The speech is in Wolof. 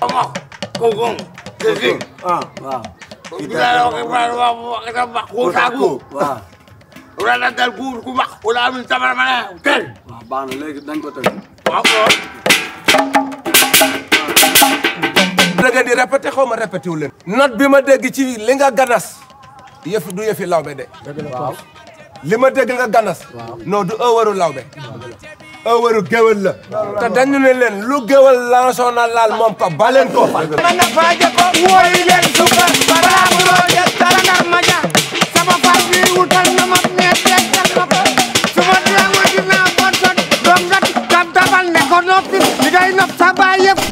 Tongok, kugung, geging. Ah, ah. wah. Kita kita mak sagu. Wah. nanti ku ku mak ora mana. Oke. Wah, bang dan kota. Wah, di répété xaw répété wu leen. dégg ci li nga ganas yëf iya, du yëfi iya, lawbe de. dëgg dégg nga ganas. non du ëwaru eh, lawbe. ëwëru géwël la te dañu ne leen lu géwël lansoon na laal moom pa baleen ko fa faaje ko wooy leen baraamu rooja tarangar ma ja sama faay bi wutal na ma mee tekkal ma ko su ma teewul dinaa bon doom rat dab dabal ne ko nopp sa baay